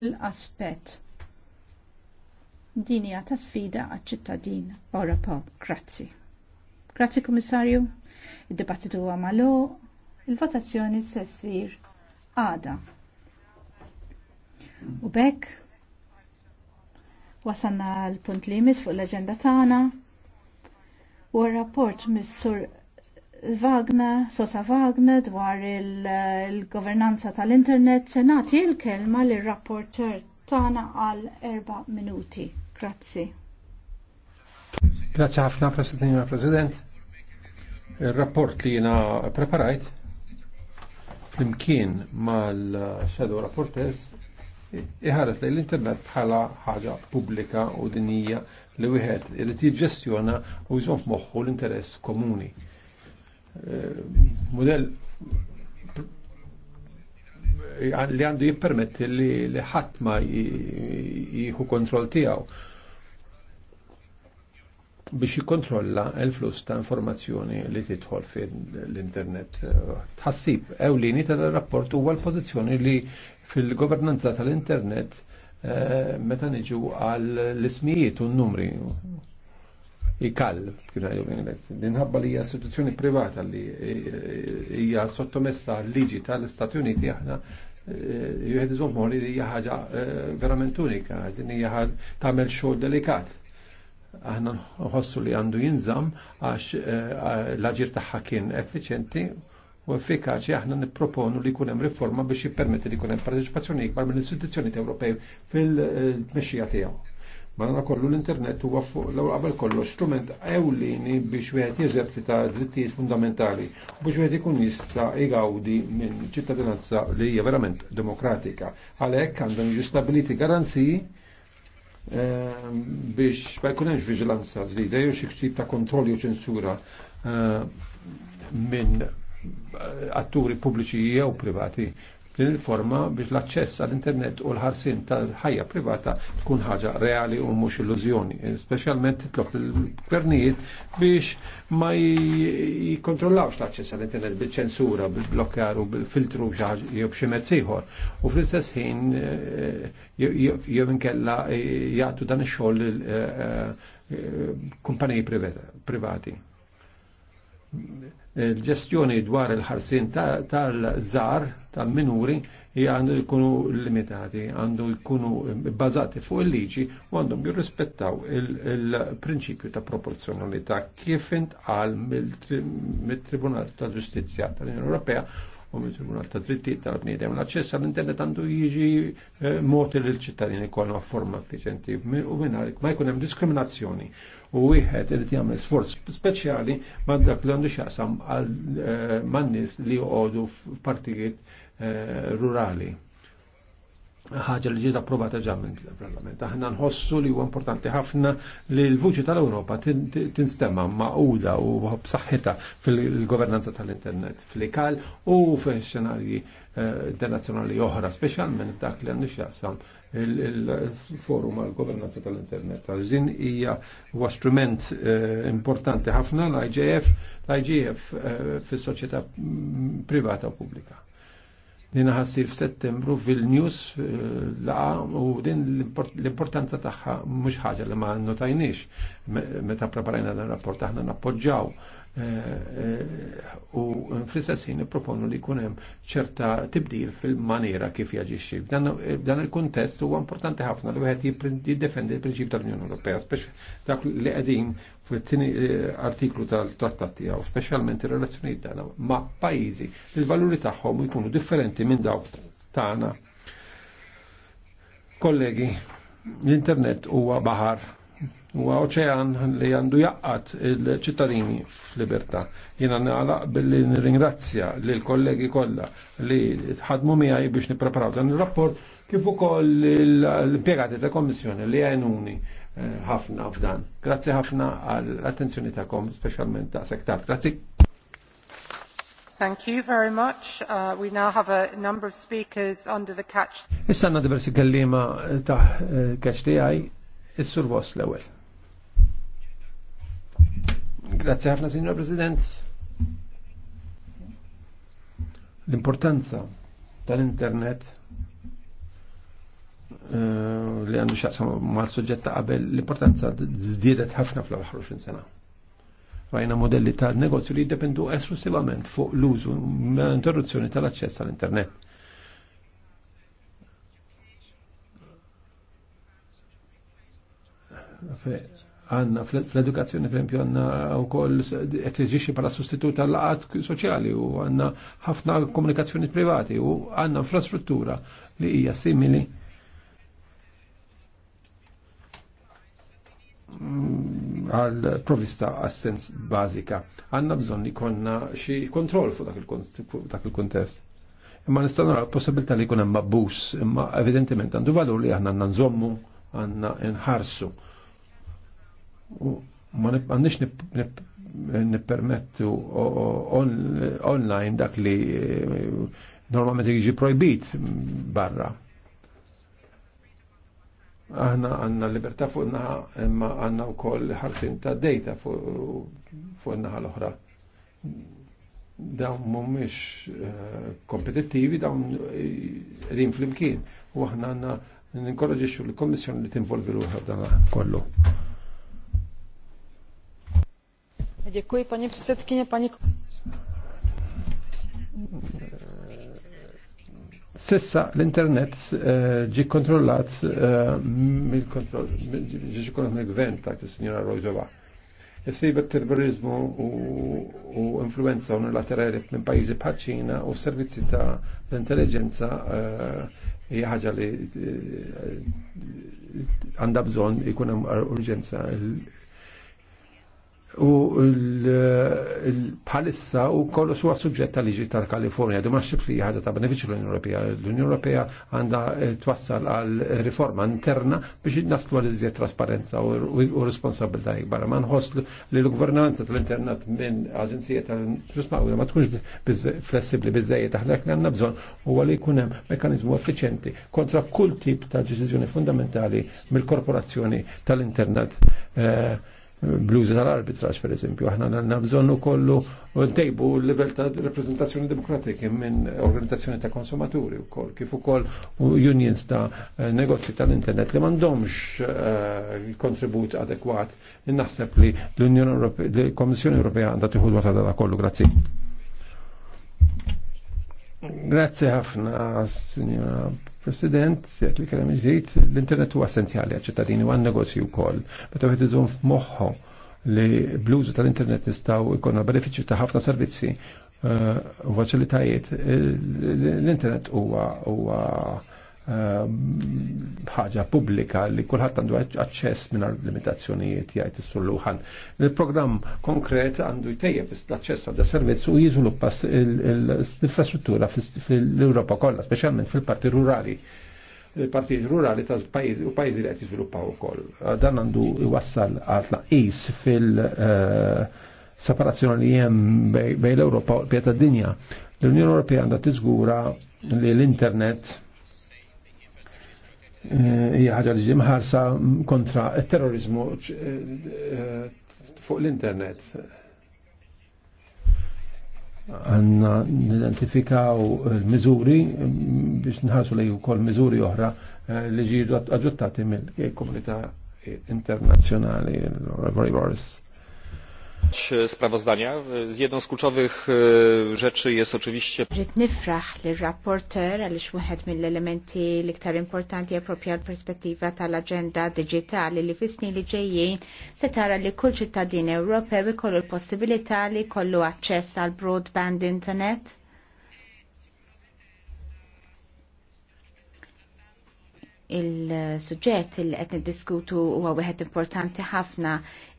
l-aspet. Din hija ta' sfida għaċ-ċittadin Ewropew. Grazzi. Grazzi Kummissarju. Id-dibattitu huwa magħluq. Il-votazzjoni se ssir għada. U bekk wasanna l-punt li jmiss fuq l-aġenda tagħna u r-rapport mis-sur Wagner, Sosa Wagner dwar il-governanza il tal-internet se nagħti l-kelma li rapporter Tana għal erba minuti. Grazzi. Grazzi ħafna President President. Il-rapport li jiena preparajt flimkien mal-Shadow Rapporters iħares li l-internet bħala ħaġa pubblika u dinija li wieħed irid jiġġestjona u jżomm f'moħħu l-interess komuni model li għandu jippermetti li, li ħadd ma kontrol kontroll tiegħu biex jikkontrolla l-flus ta' informazzjoni li tidħol l internet Tħassib ewlieni ta' rapport huwa l-pożizzjoni li fil-governanza tal-internet eh, meta niġu għall ismijiet u n-numri ikall. Minħabba li hija istituzzjoni privata li eh, hija sottomessa liġi tal-Istati Uniti aħna eh, jieħed iżommor li hija ħaġa eh, verament unika, din hija tagħmel xogħol delikat. Aħna nħossu li għandu jinżam għax l-aġir tagħha kien effiċenti u effikaċi aħna nipproponu li kunem riforma biex jippermetti li kunem partecipazzjoni ikbar mill-istituzzjoni Ewropej fil tmexxija tiegħu. Madana kollu l-internet huwa fuq l qabel kollu strument ewlieni biex wieħed jeżerċita drittijiet fundamentali u biex wieħed ikun jista' jgawdi minn ċittadinanza li hija verament demokratika. Għalhekk għandhom jiġu stabiliti garanziji ehm, biex ma jkun hemmx viġilanza ġdida jew xi ktib ta' kontrolli u ċensura ehm, minn eh, atturi pubbliċi jew privati din il-forma biex l-aċċess għall-internet u l-ħarsin tal-ħajja privata tkun ħaġa reali u mhux illużjoni, speċjalment tlop il-gvernijiet biex ma jikkontrollawx l-aċċess għall-internet bil-ċensura, bil-blokkar u bil-filtru jew b'xi mezz ieħor. U fl-istess ħin eh, jew inkella eh, jgħatu dan ix-xogħol eh, kumpaniji privati il-ġestjoni dwar il-ħarsin tal-żar, tal-minuri, għandu jkunu limitati, għandu jkunu bazati fuq il-liġi u għandhom jirrispettaw il-prinċipju ta' proporzjonalità kif għal mill-Tribunal ta' Ġustizja tal-Unjoni Ewropea u minn tribunal ta' Drittijiet tal-Bniedem. L-aċċess għall-internet għandu jiġi eh, mod li l-ċittadini jkollhom forma effiċenti u mingħajr ma jkun hemm diskriminazzjoni u wieħed irid jagħmel sforz speċjali ma' dak li għandu x'jaqsam għal eh, mannis li joqogħdu f'partijiet eh, rurali ħaġa li ġiet approvata ġa minn parlament Aħna nħossu li huwa importanti ħafna li l-vuċi tal-Ewropa tinstema maquda u b'saħħitha fil-governanza tal-internet fl-ikal u fil-xenarji eh, internazzjonali oħra, speċjalment dak li għandu xjaqsam il-forum għal governanza tal-internet. għal hija huwa strument eh, importanti ħafna l-IGF, l-IGF eh, fis-soċjetà privata u pubblika din ħassir f'Settembru fil-news laqa u din l-importanza tagħha mhux ħaġa li ma notajniex meta preparajna dan rapport aħna nappoġġaw Eh, eh, u fl-istessin proponu li kunem ċerta tibdil fil-maniera kif jaġixxi. F'dan il-kuntest huwa importanti ħafna li wieħed jiddefendi l-prinċip tal-Unjoni Ewropea, dak li qegħdin fil-tieni eh, artiklu tal-trattat tiegħu, speċjalment ir-relazzjonijiet tagħna ma' pajjiżi li l-valuri tagħhom jkunu differenti minn dawk tagħna. Kollegi, l-internet huwa baħar huwa oċean li għandu jaqqat il-ċittadini f'libertà. Jiena nagħlaq billi nirringrazzja l kollegi kollha li ħadmu miegħi biex nippreparaw dan ir-rapport kif ukoll l-impjegati ta' kommissjoni li għajnuni eh, ħafna f'dan. Grazzi ħafna għall-attenzjoni tagħkom, speċjalment ta' sektar. Grazzi. Thank you very much. Uh, we now have a number of speakers under the catch. Issa għandna diversi kellima ta' eh, catch DI, is-sur Vos l-ewwel. Grazie ħafna, Signor President. L-importanza tal-internet eh, li għandu xaqsam mal suġġett ta' qabel l-importanza zdiedet ħafna fl-20 sena. Rajna modelli ta' negozju li jiddependu esklusivament fuq l-użu interruzzjoni tal access għall-internet. Fe, għanna fl-edukazzjoni per għanna u koll etiġiċi pala sostitut tal-laqat soċjali u għanna ħafna komunikazzjoni privati u għanna infrastruttura li hija simili mm, għal provista assens bazika. Għanna bżon li konna xi kontroll fuq dak il-kontest. Imma nistgħu għal possibilità li jkun hemm imma evidentement għandu valur li aħna għandna nżommu, għandna nħarsu ma għandix nippermettu online dak li eh, normalment jiġi projbit barra. Aħna għanna libertà fuq naħa imma għanna u koll ħarsin ta' data fuq naħa l-oħra. Dawn mumiex eh, kompetittivi, dawn rin eh, fl-imkien. U aħna għanna ninkorraġiċu l-Kommissjoni li tinvolvi l-uħra dan kollu. Děkuji, paní předsedkyně, paní... Sissa l-internet eh, ġi kontrollat eh, ġi kontrollat mill-gvern ta' t-signora Rojdova. Jessiber terrorizmu u influenza unilaterali minn pajizi bħal u servizzi ta' l-intelligenza eh, hija li għandha bżonn ikun urġenza u l- bħalissa u kollu suwa suġġett tal liġi tal-Kalifornja di maċċib li ħaġa ta' benefiċċju l-Unjoni Ewropea. L-Unjoni Ewropea għandha eh, twassal għal riforma interna biex naslu għal iżjed trasparenza u responsabilità ikbar. Ma nħoss li l-gvernanza tal-internet minn aġenzija tal-ġusma u ma tkunx flessibli bizzejiet taħlek li għandna bżonn u li jkun hemm mekkaniżmu effiċenti kontra kull tip ta' deċiżjoni fundamentali mill-korporazzjoni tal-internet eh, bluż tal arbitraċ per eżempju, aħna għandna bżonn ukollu tejbu l level ta' reprezentazzjoni demokratika minn organizzazzjoni ta' konsumaturi wkoll, kif ukoll unions ta' negozji tal-internet li m'għandhomx eh, kontribut adekwat. Naħseb li l-Unjoni Ewropea, l-Kommissjoni Europea għandha tieħu l-wata kollu, Grazie. Grazzi ħafna, Signora President, jgħat li kellem iġdijt, l-internet huwa essenzjali għal-ċittadini u għan-negozju wkoll. Meta wieħed iżomm f'moħħu li bluzu tal-internet nistaw ikonna benefiċċju ta' ħafna servizzi uh, u faċilitajiet, l-internet huwa Ehm, ħaġa publika li kullħat għandu aċċess mingħajr limitazzjonijiet jgħid s-sulluħan. Il-programm konkret għandu jtejjeb l-aċċess għal servizz u jiżviluppa l-infrastruttura fl europa kollha, speċjalment fil-parti rurali partijiet rurali ta' pajjiżi u pajjiżi li qed u ukoll. Dan għandu jwassal għatna is fil- eh, separazzjoni li hemm bejn l europa u l dinja. L-Unjoni Europea għandha tiżgura li l-internet Eh, hija ħaġa li ġimħarsa kontra terrorizmu eh, fuq l-internet. Għanna nidentifikaw l-mizuri eh, mm, biex nħarsu li wkoll miżuri oħra li ġiru aġġuttati mill-komunità internazzjonali, l-Boris sprawozdania. Jedną z kluczowych e, rzeczy jest oczywiście... Rrit nifraħ li rapporter għalix wieħed mill-elementi l-iktar importanti appropja l-perspettiva tal-agenda digitali li fisni li ġejjin se tara li kull ċittadin Ewropew ikollu l-possibilità li kollu aċċess għal broadband internet il-suġġett il qed niddiskutu huwa wieħed importanti ħafna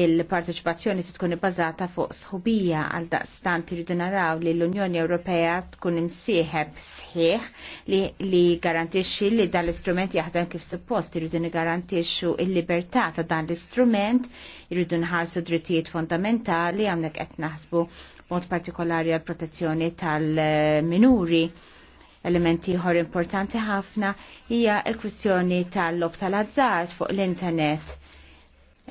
il-parteċipazzjoni tkun ibbażata fuq sħubija għal daqstant irridu naraw li l-Unjoni Ewropea tkun imsieħeb sħiħ li, li garantixxi li dan l-istrument jaħdem kif suppost irridu nigarantixxu il-libertà ta' dan l-istrument, irridu nħarsu drittijiet fondamentali hawnhekk qed naħsbu mod partikolari għal protezzjoni tal-minuri Elementi ħor importanti ħafna hija l-kwistjoni tal-lob tal-azzard fuq l-internet.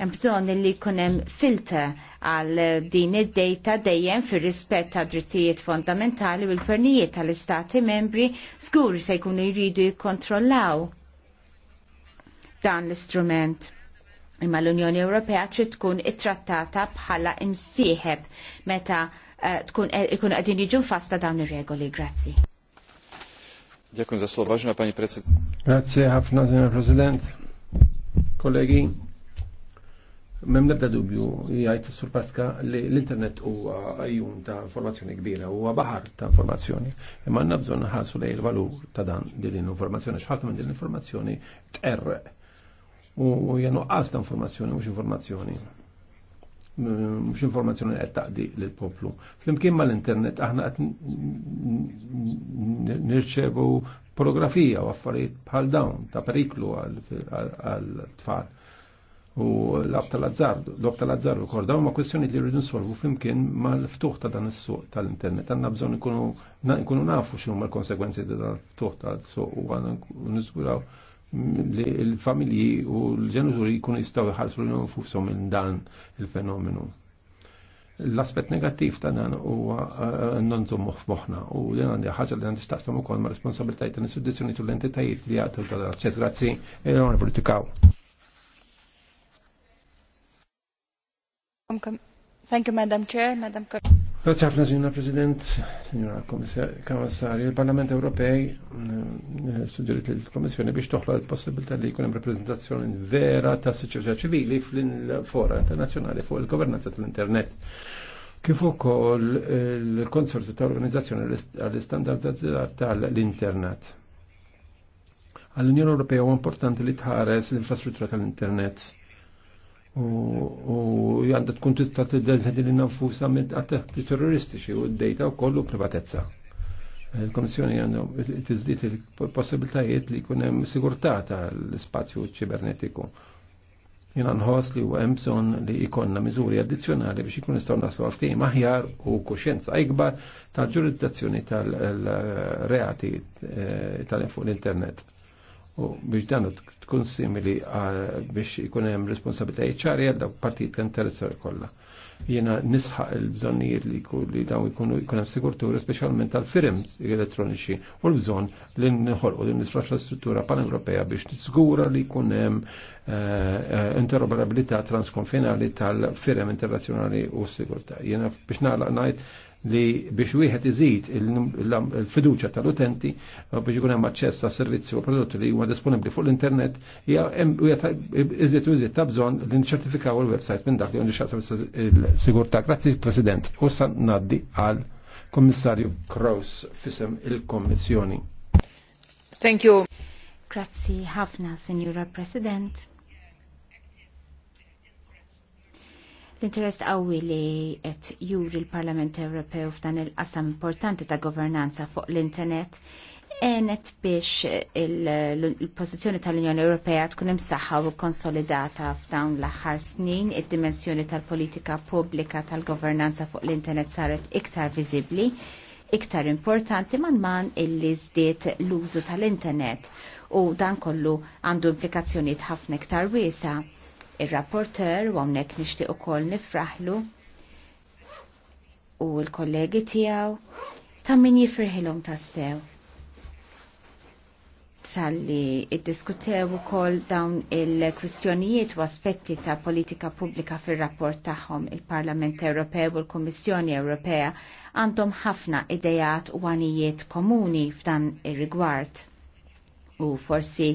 Hemm bżonn li jkun hemm filter għal din id data dejjem fir rispett ta' drittijiet fondamentali u l-fernijiet tal-istati membri skur se jkunu jridu jikkontrollaw dan l-istrument. Imma l-Unjoni Ewropea trid tkun ittrattata bħala imsieħeb meta eh, tkun eh, ikun qegħdin jiġu fasta dawn ir-regoli. Grazzi. Dziękuję za słowa, że pani prezydent. Grazie, ħafna, signor President. Kollegi, Mem nebda dubju jgħajt sur Paska li l-internet huwa għajjun ta' informazzjoni kbira, huwa baħar ta' informazzjoni. Imma għandna bżonn ħarsu lej il-valur ta' dan din l-informazzjoni, x'ħadd minn din l-informazzjoni tqerreq. U jgħanu qas ta' informazzjoni mhux informazzjoni mux informazzjoni għed taqdi l poplu. Flimkien l internet aħna għed nirċevu pornografija u għaffariet bħal dawn ta' periklu għal-tfal. U l abta l azzar l abta l azzar u ma' kwestjoni li rridu nsolvu flimkien ma' l-ftuħ ta' dan il suq tal-internet. Għanna bżon ikunu nafu xinu ma' l-konsekwenzi ta' dan il-ftuħ ta' suq u għanna nizguraw li l-familji u l-ġenituri jkun jistaw jħalsu l-nfusom minn dan il-fenomenu. L-aspet negativ ta' dan eh, u n żommu moħna u li għandi ħagġa li għandi xtaqsam u ukoll ma' responsabiltajiet ta' suddizjoni u l entitajt li jagħtu tal-aċċess grazzi e eh, l politikaw. Thank you, Madam Chair, Madam Grazie ħafna, Signora President, Signora Kommissarju. Il-Parlament Ewropej eh, eh, suġġerit il-Kommissjoni biex toħloq il-possibilità li jkun hemm rappreżentazzjoni vera ta' soċjetà ċivili fl-fora internazzjonali fuq il-governanza tal-Internet. Kif ukoll il-Konsorzju ta' Organizzazzjoni għall-Istandardizzazzjoni tal-Internet. Għall-Unjoni Ewropea huwa importanti li tħares l-infrastruttura tal-Internet u għandha tkun tista' tiddetendi lil minn attakki terroristiċi u d-dejta wkoll u privatezza. Il-Komissjoni għandhom tiżdiet il-possibilitajiet li jkun hemm sigurtà tal-spazju ċibernetiku. Jena nħoss li huwa hemm bżonn li jkollna miżuri addizzjonali biex ikun istaw naslu għal aħjar u kuxjenza ikbar tal-ġurizzazzjoni tal-reati eh, tal-internet. U biex dan tkun simili biex ikun hemm responsabilitajiet ċari għal dawk partijiet ta' interess kollha. Jiena nisħaq il-bżonnijiet li li dawn ikunu jkun hemm sigurturi speċjalment tal-firms elettroniċi u l-bżonn li nħolqu din l-infrastruttura pan-Ewropea biex nisgura li jkun hemm eh, interoperabilità transkonfinali tal-firem internazzjonali u s sigurtà. Jiena biex nagħlaq ngħid li biex wieħed iżid il-fiduċa tal-utenti uh, biex ikun hemm aċċess għas servizzi u prodotti li huma disponibbli fuq l-internet hija iżid u iżid ta' bżonn li nċertifikaw il-website minn dak li għandu xaqsa il-sigurtà. Grazzi President. U sa ngħaddi għal Kommissarju Kraus fisem il-Kommissjoni. Thank you. Grazzi ħafna, Signora President. l interest qawwi li qed juri l-Parlament Ewropew f'dan il-qasam importanti ta' governanza fuq l-internet enet biex il-pożizzjoni tal-Unjoni Ewropea tkun imsaħħa u konsolidata f'dawn l-aħħar snin id-dimensjoni tal-politika pubblika tal-governanza fuq l-internet saret iktar viżibbli, iktar importanti man man illi żdiet l-użu tal-internet u dan kollu għandu implikazzjonijiet ħafna iktar wiesa' Il-rapporter u għamnek nishti u kol nifraħlu u l-kollegi tijaw ta' min jifrħilom ta' sew. Salli id-diskutew u kol dawn il-kwistjonijiet u aspetti ta' politika pubblika fil-rapport tagħhom il-Parlament Ewropew u l-Kommissjoni Ewropea għandhom ħafna idejat u għanijiet komuni f'dan ir-rigward u forsi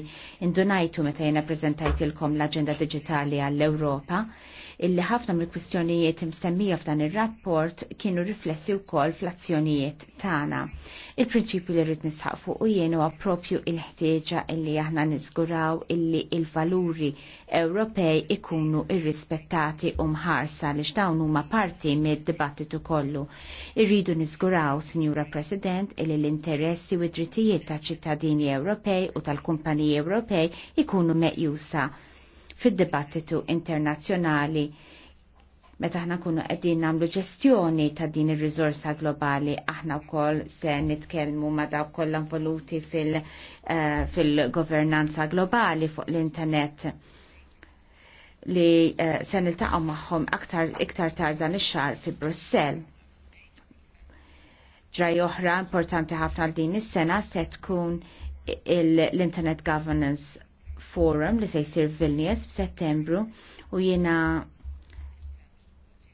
indunajtu meta jena prezentajtilkom l-agenda digitali għall-Europa illi ħafna mill-kwistjonijiet imsemmija f'dan ir-rapport kienu riflessi wkoll fl-azzjonijiet tagħna. Il-prinċipju li rrid nisħaq fuq u jien huwa il-ħtieġa illi aħna niżguraw illi il-valuri Ewropej ikunu irrispettati u mħarsa li dawn huma parti mid-dibattitu kollu. Irridu niżguraw, Sinjura President, illi l-interessi u d-drittijiet ta' ċittadini Ewropej u tal-kumpaniji Ewropej ikunu meqjusa fid-dibattitu internazzjonali meta aħna kunu qegħdin nagħmlu ġestjoni ta' din ir-riżorsa globali aħna wkoll se nitkellmu ma' dawk kollha involuti eh, fil-governanza uh, fil globali fuq l-internet li uh, se niltaqgħu magħhom aktar iktar tardan ix-xahar fi Brussell. Ġraj oħra importanti ħafna għal din is-sena se tkun l-Internet Governance forum li se jsir Vilnius f'Settembru u jiena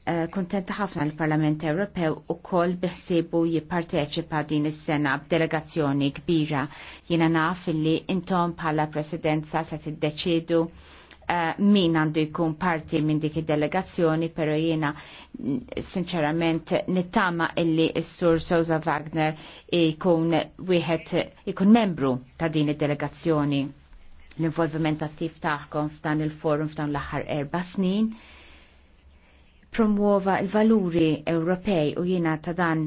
eh, kontenta ħafna l-Parlament Ewropew u koll biħsibu jipparteċipa din is-sena b'delegazzjoni kbira. Jiena naf li intom bħala presidenza se tiddeċidu Uh, eh, min għandu jkun parti minn dik id-delegazzjoni, pero jiena mm, sinċerament nittama illi s-sur Sousa Wagner jkun wieħed jkun membru ta' din id-delegazzjoni l-involviment attiv taħkom f'dan il-forum f'dan l-aħħar erba snin promuova il-valuri Ewropej u jiena ta' dan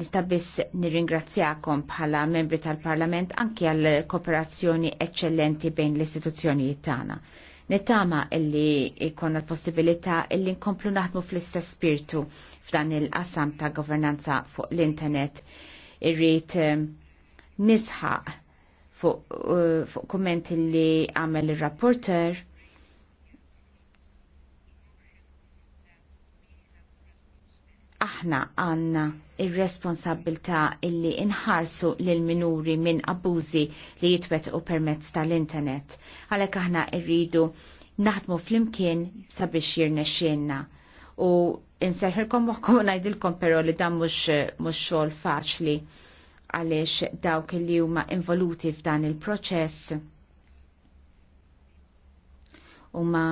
nista' biss nirringrazzjakom bħala membri tal-Parlament anki għal kooperazzjoni eccellenti bejn l-istituzzjonijiet tagħna. Nittama illi ikon l-possibilità illi nkomplu naħdmu fl-istess spiritu f'dan il qasam ta' governanza fuq l-internet irrit eh, nisħaq fuq eh, fu li għamel il-rapporter. aħna għanna ir-responsabilta illi inħarsu lil minuri minn abbużi li jitwet u permezz tal-internet. Għalek aħna irridu naħdmu fl-imkien sabiex jirnexxinna. U inserħilkom moħkom najdilkom pero li dan mux eh, xol faċli għaliex dawk li huma involuti f'dan il-proċess huma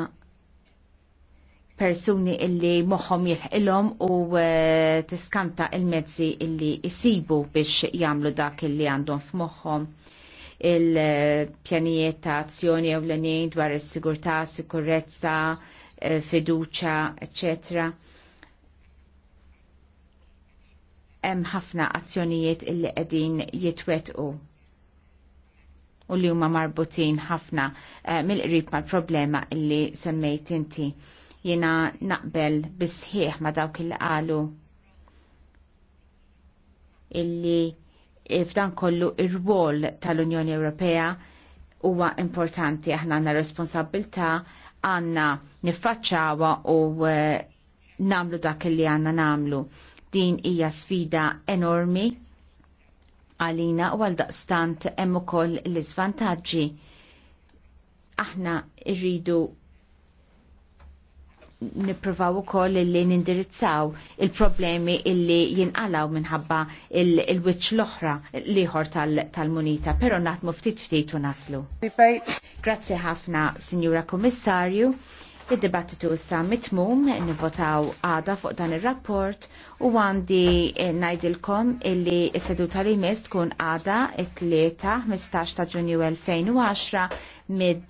persuni illi moħħom jilħilhom u e, tiskanta il-mezzi illi jisibu biex jagħmlu dak illi għandhom f'moħħom il-pjanijiet ta' azzjoni ewlenin dwar is-sigurtà, sikurezza, e, fiduċa, eccetera hemm ħafna azzjonijiet illi qegħdin jitwetqu u li huma marbutin ħafna eh, mill-qrib mal-problema illi semmejt inti. Jiena naqbel bisħieħ ma dawk il qalu illi f'dan kollu ir wol tal-Unjoni Ewropea huwa importanti aħna għandna responsabilità għandna niffaċċawha u nagħmlu eh, namlu dak li għandna namlu Din hija sfida enormi għalina u għal daqstant hemm ukoll l-iżvantaġġi. Aħna rridu nipprovaw ukoll li nindirizzaw il-problemi illi jinqalaw minħabba il-wiċċ l-oħra liħor tal-munita, però naħdmu ftit ftit u naslu. Grazzi ħafna, Signora Kommissarju. Id-dibattitu issa mitmum nivotaw għada fuq dan ir-rapport u għandi eh, najdilkom illi s-seduta li mis tkun għada it-tlieta 15 ta' ġunju 2010 mid